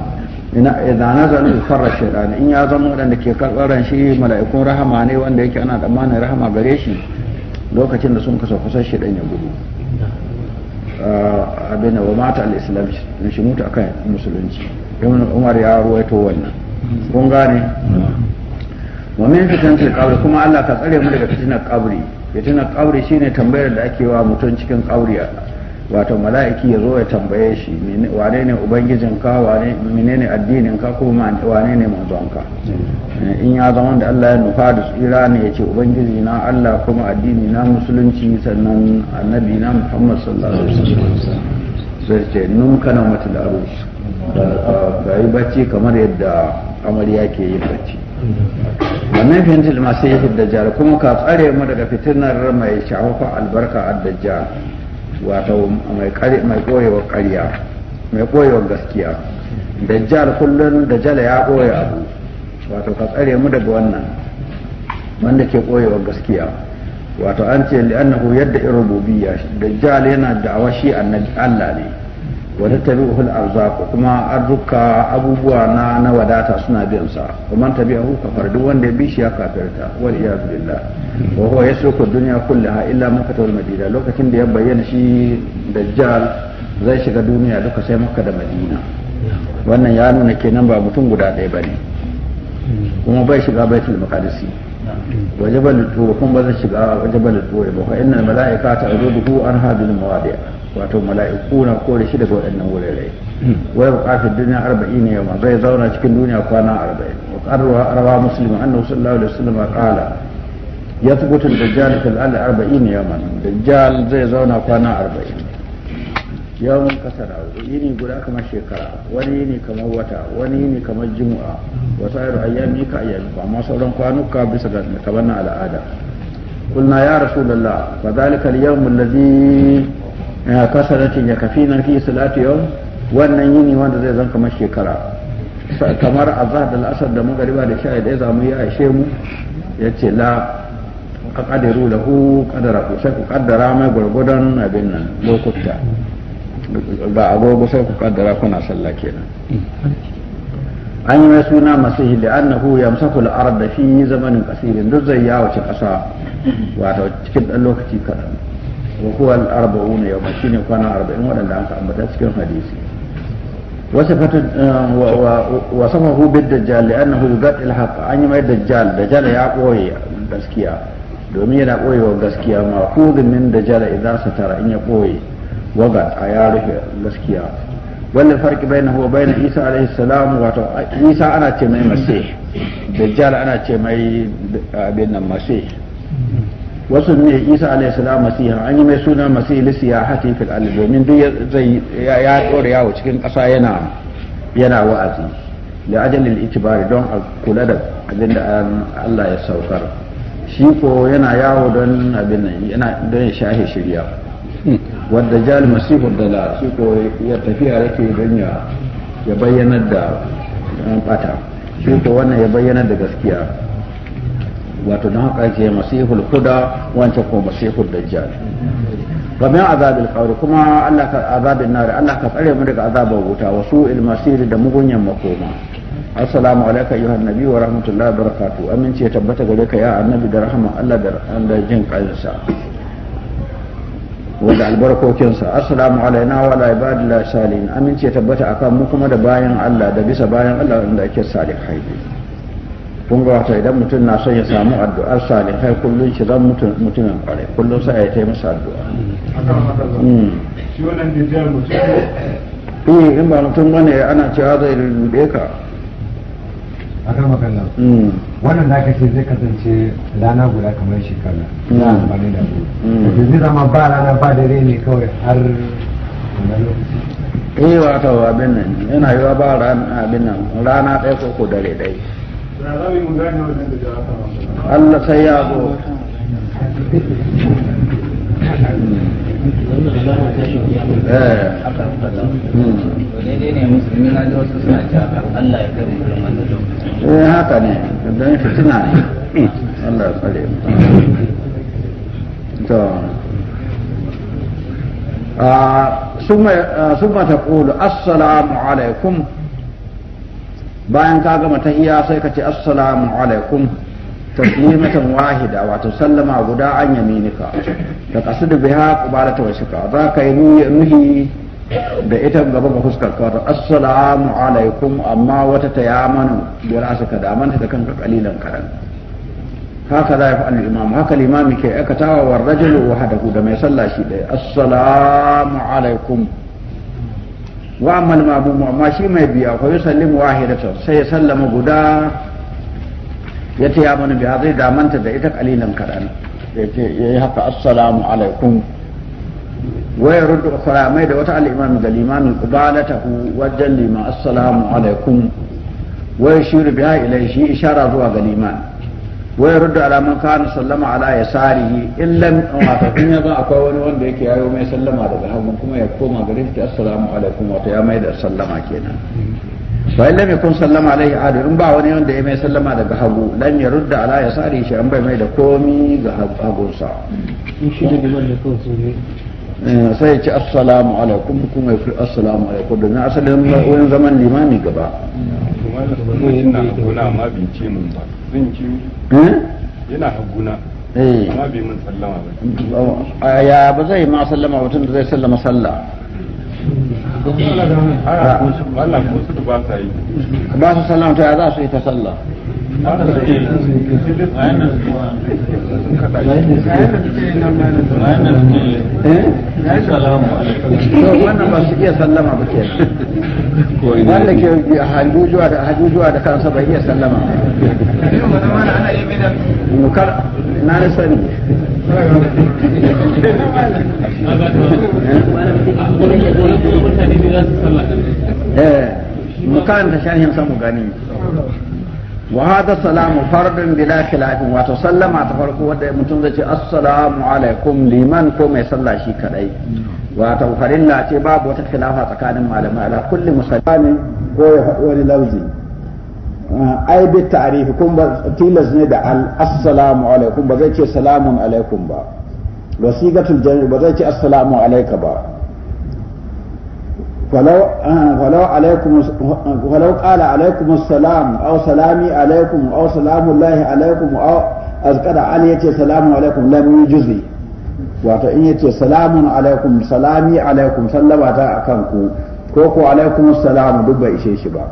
idza nazalu farra shaytan in ya zama wadanda ke karbaran shi mala'ikun rahama ne wanda yake ana tsammanin rahama gare shi lokacin da sun kasa kusan shi ya gudu ah, abin da wa mata al-islam shi mutu akan musulunci ibn umar ya ruwaito wannan kun gane wa min fitnatil qabr kuma Allah ka tsare mu daga fitnar qabri fitnar qabri shine tambayar da ake wa mutum cikin qabri wato mala'iki ya zo ya tambaye shi wane ne ubangijin ka wane menene addinin ka ko wane ne manzon ka eh, in ya zama da Allah ya nufa da tsira ne ya ce ubangiji na Allah kuma addini na musulunci sannan annabi na Muhammad sallallahu alaihi wasallam sai ce nun kana matul arush ka yi bacci kamar yadda amarya ke yin bacci wannan fahimtar masu yi dajjal kuma ka tsare mu daga fitinar mai shahufa albarka a dajjal wato mai koyewar karya mai koyewar gaskiya dajjal kullum dajjal ya koya abu wato ka tsare mu daga wannan wanda ke koyewar gaskiya wato an ce li'annahu yadda irububiyya dajjal yana da awashi Allah ne wa tattabi'uhu al-arzaq kuma arzuka abubuwa na na wadata suna biyan sa kuma tabi'ahu kafar duk wanda ya bi shi ya kafirta wal iyad billah wa huwa yasruku dunya kullaha illa makkah wal madina lokacin da ya bayyana shi dajjal zai shiga duniya duka sai makka da madina wannan ya nuna kenan ba mutum guda ɗaya bane kuma bai shiga baitul maqdisi وجبل الطور كم بذل شقاء وجبل الطور فإن الملائكة تعرضه أنها بالمواضع واتو ملائكونا قول شدك وإنه وليلي ويبقى في الدنيا أربعين يوما زي زونا شكل دنيا وقانا أربعين وقد روى مسلم أنه صلى الله عليه وسلم قال يثبت الدجال في الأرض أربعين يوما الدجال زي زونا وقانا أربعين yawon kasara yini guda kamar shekara wani yini kamar wata wani yini kamar jimu'a wasu ayyaru ayyami ka ayyami ba amma sauran kwanuka bisa ga kamar na al'ada kulna ya rasu lalla ba rasulullah fa zalika al-yawm alladhi eh, kasaratin yakfina fi salatu yau wannan yini wanda zai zan kamar shekara kamar azhar da al'asar da magriba da sha'i za mu yi aishe mu ya ce la da hu qadara ku sai ku qaddara mai gurgudan abin nan lokuta ga agogo sai ku kaddara kuna sallah kenan an yi mai suna masihi da annahu ya al-ard da fi zamanin kasirin duk zai ya wace kasa wato cikin dan lokaci kadan wa huwa al-arba'una yawma shine kwana 40 wadanda an ambata cikin hadisi dajjal وصفة annahu بالدجال لأنه haqq an yi mai dajjal dajjal ya koyi gaskiya domin yana koyewa gaskiya ma kudin min dajjal idan satara in ya koyi waga a ya rufe gaskiya wannan farki bai na huwa na isa alaihi salam wato isa ana ce mai da dajjal ana ce mai abin nan masih wasu ne isa alaihi salam masiha an yi mai suna masih ya siyahati fil alli domin duk zai ya dore yawo cikin kasa yana yana wa'azi da ajalin itibari don a kula da abin da Allah ya saukar shi ko yana yawo don abin nan yana don ya shahe shirya wadda jal masihu dala shi ko ya tafiya yake don ya ya bayyanar da bata uh, shi ko wannan ya bayyanar da gaskiya wato don haka ke masihul huda wancan ko masihu dajjal kuma ومن عذاب القبر nar Allah ka tsare mu daga azabar wuta وغوتا وسوء المصير da mugunyan makoma assalamu alayka ayuha nabi wa rahmatullahi wa barakatuh amince tabbata gare ka ya annabi da rahama Allah da jin kansa wanda albarkokinsa assalamu alaina wa ala ibadillahi salihin amince tabbata akan mu kuma da bayan Allah da bisa bayan Allah wanda ake salihai kun ga wata idan mutum na son ya samu addu'ar salihai kullun shi zan mutumin kware kullun sai ya taimaka masa addu'a hmm. shi wannan da mutum eh in ba mutum bane ana cewa zai rubuɗe ka akan makalla mm. wannan da aka ce zai kasance rana guda kamar shekara na amfani da su mm. zai zama ba rana ba dare ne kawai har wannan lokaci eh wato abin nan yana yiwa ba rana abin nan rana ɗaya ko ko dare Allah sai ya zo eh haka ne don fitina ne Allah ya tsare to eh, summa eh, taqulu assalamu alaikum bayan ka gama tahiya sai ka ce assalamu alaikum taslimatan wahida wato sallama guda an yaminika ta kasu da biha kubala ta wasuka za ka yi nuhi da ita gaba ga fuskar ka assalamu alaikum amma wata ta yamanu da ra'asa ka da manta da kanka kalilan karan haka za ya fa'al imam haka limami ke aikatawa wa rajulu wahadahu da mai sallah shi dai assalamu alaikum wa amma al amma shi mai biya fa yusallimu wahidatan sai ya sallama guda ya ce ya mana biya zai damanta da ita kalilan kaɗan ya ce ya yi haka assalamu alaikum waya ruddu salamai da wata al'imam da limamin kubalatahu wajen liman assalamu alaikum waya shiru biya ilai shi ishara zuwa ga liman waya ruddu alaman kana sallama ala ya sarihi illan wata in yanzu akwai wani wanda yake yayo mai sallama daga hagun kuma ya koma gare shi assalamu alaikum wata ya mai da sallama kenan fa in lam yakun sallama alaihi adu in ba wani wanda ya mai sallama daga hagu lam yarudda ala yasari shi an bai mai da komi ga hagunsa eh, sai ya ci assalamu alaikum kun mai fi assalamu alaikum da domin asalin wayan zaman limani gaba yana haguna amma bin mun ba zan ci eh? yana haguna eh. amma bai mun sallama ba ya ba zai ma sallama mutum da zai sallama sallah ba su sallama ta za su yi ta sallah wannan eh, ba su iya sallama ba ke wanda ke hajjujuwa da kansa bai iya sallama mukar na da sani mukan ta shahin samu gani wa hada salamu fardun bila wato sallama ta farko wanda mutum zai ce assalamu liman ko mai sallah shi kadai wato farilla ce babu wata khilafa tsakanin malamai ala kulli musallami ko ya faɗi wani lafzi ah, ai bi ta'rifi kun tilas ne da al ba zai ce salamun ba ba zai ce assalamu alayka ba ولو ولو عليكم ولو قال عليكم السلام او سلامي عليكم او سلام الله عليكم او azkara an yace salamun alaikum lam yujzi wato in yace salamun alaikum salami alaikum sallama a akan ku ko ko alaikum salam duk bai ishe shi ba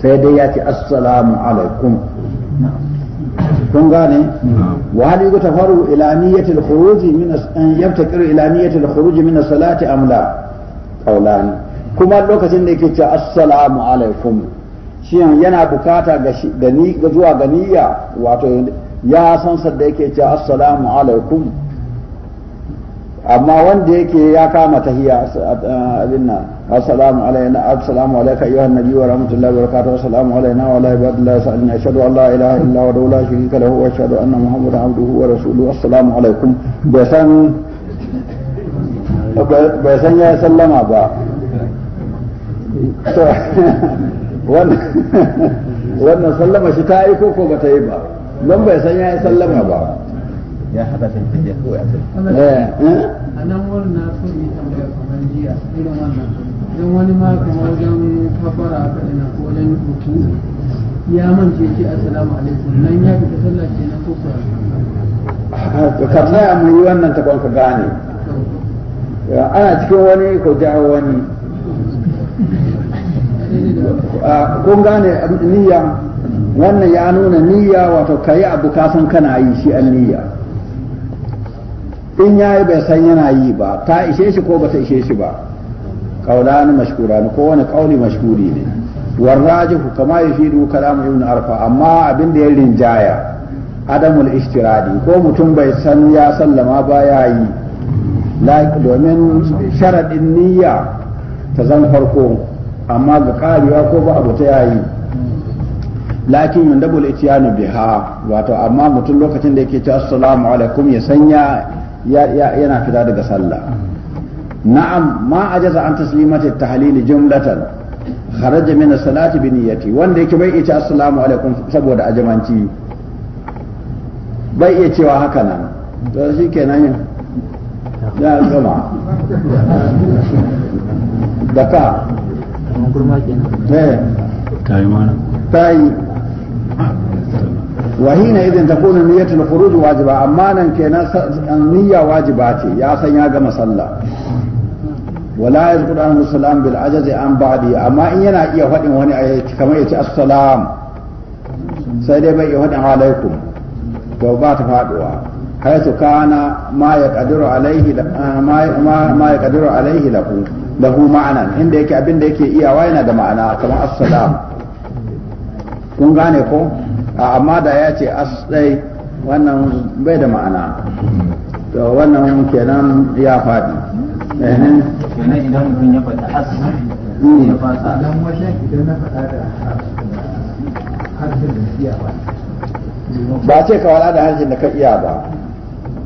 sai dai ya ce assalamu alaikum kun gane wa hal yutafaru ila niyyati al-khuruj min yaftakiru ila niyyati al-khuruj min as-salati am la qaulani kuma lokacin da yake ce assalamu alaikum shi yana bukata ga zuwa ga niyya wato ya san da yake ce assalamu alaikum amma wanda yake ya kama ta abin nan assalamu alayna assalamu alayka ayyuha an-nabiy wa rahmatullahi wa barakatuh assalamu alayna wa ala ibadillahi salihin ashhadu an la ilaha illa huwa la sharika lahu wa ashhadu anna muhammadan abduhu wa rasuluhu assalamu alaikum da san bai san ya sallama ba wannan sallama shi ta yi koko ba ta yi ba don bai san ya yi sallama ba ya haɗa ta yi ko ya tafiya eh, eh? a nan wani na so yi tambaya kamar jiya irin wannan don wani ma kamar wajen kafara aka ina ko wajen ruku ya mance ce assalamu alaikum nan ya fita sallah kenan ko kuwa ka tsaya mu yi wannan ta ka gane ana cikin wani ko wani kun gane niyya wannan ya nuna niyya wato ka yi abu kasan kana yi shi an niyya in ya yi bai san yana yi ba ta ishe shi ko bata ishe shi ba kaulani mashkurani ko wani kauli mashkuri ne ku kama yufidu yi ibn arfa amma abin da ya rinjaya adamul ishtiradi ko mutum bai san ya sallama ba ya yi domin sharaɗin niyya ta zan farko amma ga ƙarewa ko ba abu ta yayi lakin yin dabul itiyanu biha wato amma mutum lokacin da yake ce assalamu alaikum ya sanya yana fita daga sallah na'am ma ajaza an taslimata tahlil jumlatan kharaja min as-salati bi niyyati wanda yake bai ce assalamu alaikum saboda ajamanci bai iya cewa haka nan to shikenan ya da ka eh. ta yi mana ta wahina idan ta kuna niyyatul khuruj wajiba amma nan kenan niyya wajiba ce ya san ya gama sallah wala yazkuru anhu salam bil ajazi an baɗi amma in yana iya faɗin wani kamar ya ci assalam sai dai bai iya faɗin alaikum to ba ta faɗuwa. حيث كان ما يقدر عليه ما ما, ما يقدر عليه له له معنى عند yake abin da yake iyawa yana da ma'ana kamar assalam kun gane ko amma da ya ce asdai wannan bai da ma'ana to wannan kenan ya faɗi kenan idan mutum ya faɗi as ya fasa dan wajen idan na faɗa da harshen da iya ba ba ce ka wala da harshen da ka iya ba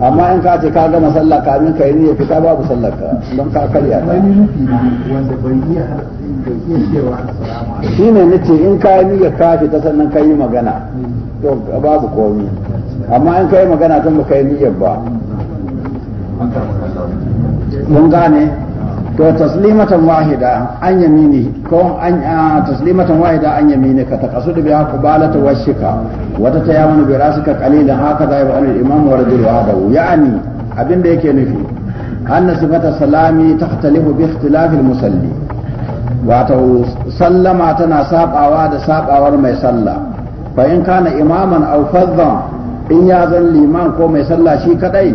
amma in ka ce ka gama sallah kamin ka yi ne fita babu sallar ka don ka karya ta wanda bai iya cewa shi ne nace in ka yi niyyar ka fita sannan ka yi magana to babu komi amma in ka yi magana tun ka yi niyyar ba mun gane to taslimatan wahida an yamini ko an taslimatan wahida an yamini ka taqasudu biha qabalata washika wata tayammunu bi rasika qalilan haka zai wa al-imam wa rajul wahdahu yani abinda yake nufi anna sifata salami tahtalifu bi ikhtilafi al-musalli wato sallama tana sabawa da sabawar mai sallah fa in kana imaman aw fadhan in ya zan liman ko mai sallah shi kadai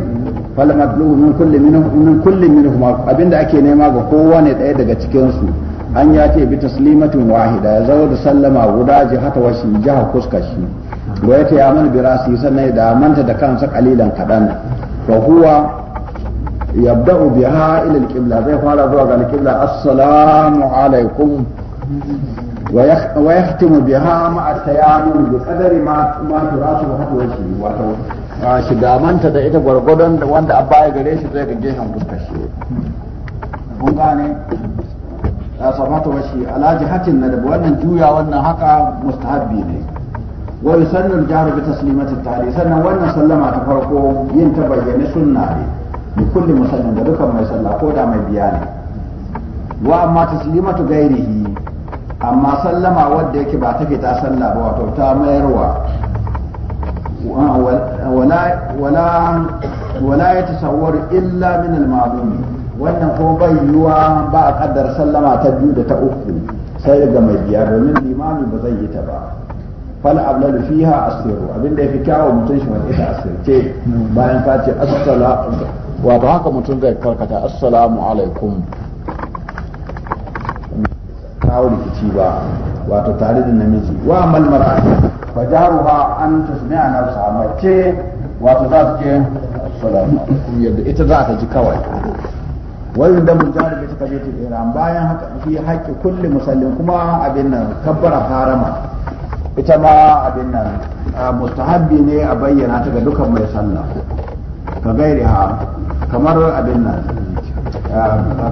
fal matlubu min kulli minhum min kulli minhum abinda ake nema ga kowane ɗaya daga cikin su an ya ce bi taslimatin wahida ya zo da sallama guda jihata wa shi jiha kuskashi. wa wa ya ce bi rasi sannan da manta da kansa kalilan kadan fa huwa yabda'u biha ila al-qibla zai fara zuwa ga al-qibla assalamu alaikum ويختم بها مع ma بقدر ما ما تراثه وحده وشي a shigabanta da ita gwargwadon wanda a baya gare shi zai ga gehen fuskar shi kun gane ya samata wasu alaji hatin na da wannan juya wannan haka mustahabbi ne wani sannan jihar bi taslimati at sannan wannan sallama ta farko yin ta bayyane sunna ne Ni kulli musallin da dukkan mai salla ko da mai biya ne wa amma taslimatu gairihi amma sallama wadda yake ba ta fita sallah ba wato ta mayarwa wala ya tasawwaru illa min al wannan ko bai yiwa ba a sallama ta biyu da ta uku sai daga mai biya domin limami ba zai yi ta ba fal ablalu fiha asiru abinda ya fi mutum shi wani ita asirce bayan ka ce assalamu wato haka mutum zai karkata assalamu alaikum kawo rikici ba wato tare da namiji wa amal fa jaruha an tusmi'a nafsa mace wato za su ce salama yadda ita za ta ji kawai wani da mun jari ta kabe ta iran bayan haka fi haƙƙi kulle musallin kuma abin nan kabbara harama ita ma abin nan mustahabbi ne a bayyana ta ga dukkan mai sallah ka gairi ha kamar abin nan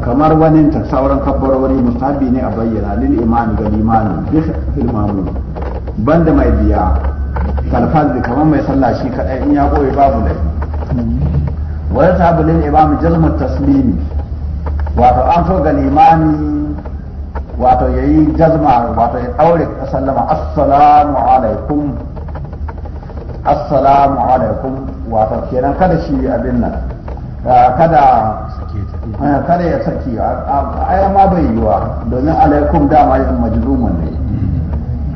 kamar wani ta sauran kabbarori mustahabbi ne a bayyana lil imani ga limanin bisa filmamu banda mai biya kalfaz kamar mai sallah shi kadai in ya koyi babu da wa ya sabu lil imam jazmat taslimi wato an so ga limani wato yayi jazma wato ya daure sallama assalamu alaikum assalamu alaikum wato kenan kada shi abin nan eh, kada eh, kada ya saki ai ma bai yiwa domin alaikum dama yin majlumun ne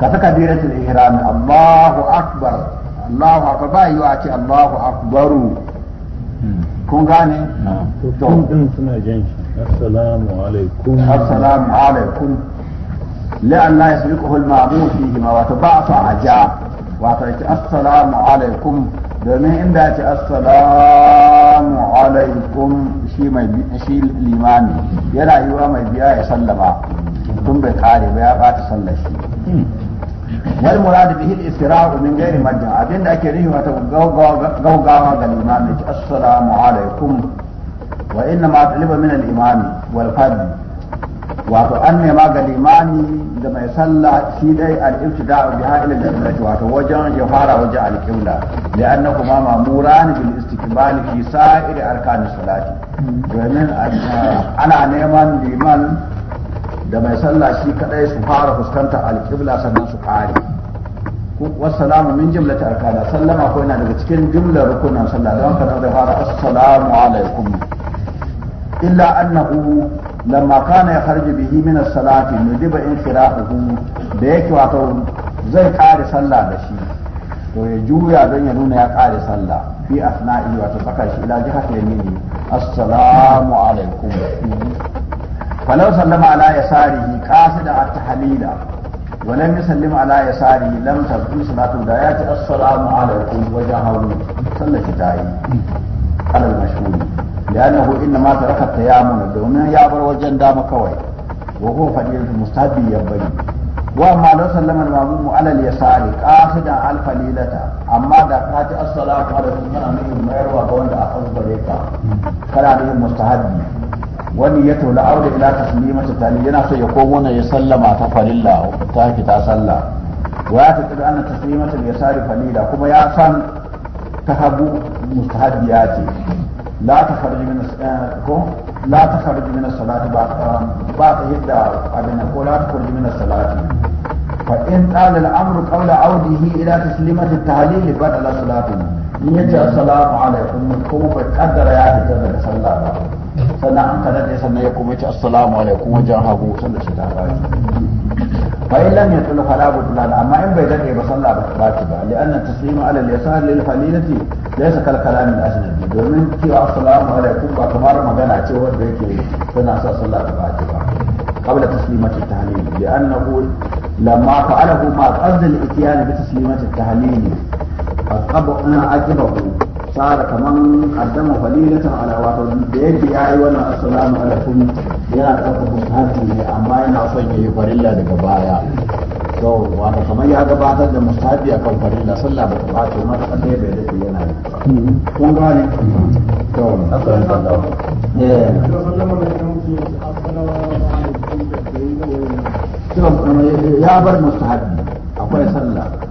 ka saka biratul ihram Allahu akbar Allahu akbar ba yi ce Allahu akbaru kun gane to din suna jin shi assalamu alaikum assalamu alaikum la Allah ya sabi kuhul ma'amu fihi ma wato ba su aja wato ya ce assalamu alaikum domin inda ya ce assalamu alaikum shi mai shi limami yana yiwa mai biya ya sallama tun bai kare ba ya bata sallar shi wal murad bihi al-istira'u min ghairi madda abinda ake nufi wata gaugawa ga limami assalamu wa inna ma imami wato an nema ga limami da mai sallah shi dai al-ibtida'u biha ila al-qibla wato wajen ya fara waje al-qibla li'annahu ma ma'muran bil istiqbal fi sa'ir arkan salati domin uh, ana neman liman da mai sallah shi kadai su fara fuskanta alƙibla sannan su kare wassalamu min jimlati arkana sallama ko yana daga cikin jumlar rukunan sallah don haka da fara assalamu alaikum illa annahu lamma kana yakharju bihi min as-salati nudiba infirahu da yake wato zai kare sallah da shi to ya juya don ya nuna ya kare sallah fi asna'i wato saka shi ila jihar yamini assalamu alaikum falau sallama ala yasarihi qasida at-tahlila wa lam yusallim ala yasarihi lam tabqi salatu da ya ce assalamu alaikum wa jahawu sallati tayi ala al-mashhur li'annahu inna ma taraka tayammum domin ya bar wajen dama kawai wa ya fadilatul mustahabbi yabbari واما لو سلم الماموم على اليسار قاصدا على الفليلة اما دا فاتي الصلاة على السنة من يروى بوند اخذ بريكا فلا به مستحب ونيته الأمر إلى تسليمة التهليل ينا سيقومون يسلم تفر الله تاكي تسلى ويعتقد أن تسليمة اليسار فليلة كما يعصن تهب مستهدياتي لا تخرج من آه، لا تخرج من الصلاة بعد هدى أبنى لا تخرج من الصلاة فإن قال الأمر قول عوده إلى تسليمة التهليل بدل صلاته إن السلام عليكم كوبا قدر يا تجد صلاة sannan an kada da sannan ya kuma ce assalamu alaikum wajen hagu sannan shi ta rayu fa in lam yatul fala butlan amma in bai dade ba sallah ba ba ta ba li anna taslimu ala al-yasar lil falilati laysa kal kalam al-ajnabi domin cewa assalamu alaikum ba kamar magana ce wanda yake tana sa sallah ta ba ta ba qabla taslimati at-tahlil li annahu lamma fa'alahu ma qasd al-ityan bi taslimati at-tahlil fa qabla aqibahu tsara kaman addama falilatan ala wato da yake ya yi wannan assalamu alaikum yana ɗaukakun hajji ne amma yana son ya yi farilla daga baya to wato kamar ya gabatar da musabi a kan farilla sallah ba ta ɓace mata ɗaya bai dace yana yi kun gane to eh. ya bar musabi akwai sallah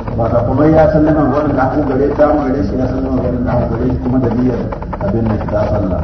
wata kuma ya san nan wani da aku gare ta mu gare shi ya nan wani da aku gare shi kuma da niyyar abin da ta sallah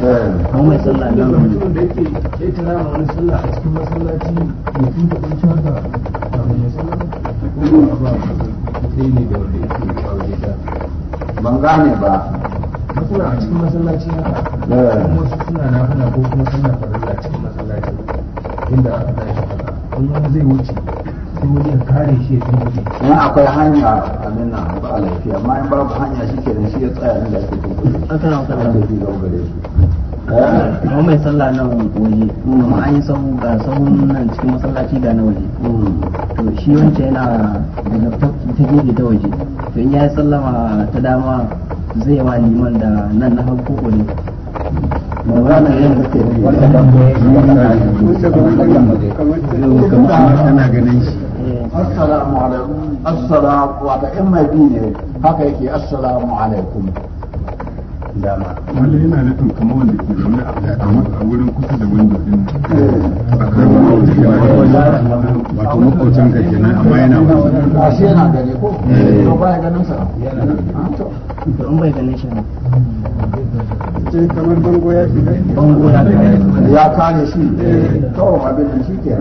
kuma eh. mai sallah ne mutumin da yake ke tara ma wani sallah a cikin masallaci ya fi da kun shaka a mai sallah ko ba ba sai ne da wanda yake a waje ta ban gane ba suna a cikin masallaci haka kuma eh. su suna nafina ko kuma suna farilla cikin masallaci inda aka tashi haka in wani zai wuce sai wani ya kare shi ya fi wuce akwai hanya abin laifi amma in babu hanya shi ke shi ya tsaya ake eh? mai sallah nan waje mm. an yi sahu ga nan cikin masallaci ga na waje mm. to shi wancan yana daga ta gefe ta waje to in ya yi sallama ta dama zai wa liman da nan na hagu ne magana assalamu wa in mai bi ne haka yake assalamu alaikum dama wanda yana nufin kamar wanda ke zaune a wurin kusa da wanda din wato ka amma yana wani a shi yana ko eh. ganin sa yana ah, to bai ganin shi kamar bango ya shiga bango ya shiga ya kare shi eh, to abin da shi ke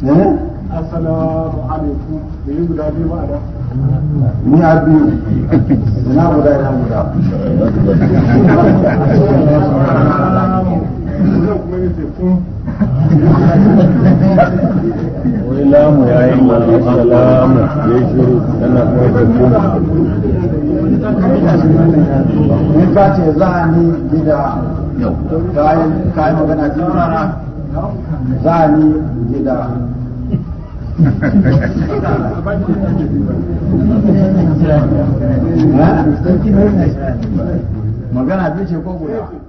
nan Allah wai lamu ya yi mana lamu ya yi shiru yana kuma da ni ce za ni gida ka yi magana cikin rana za ni gida eh? magana ce ko guda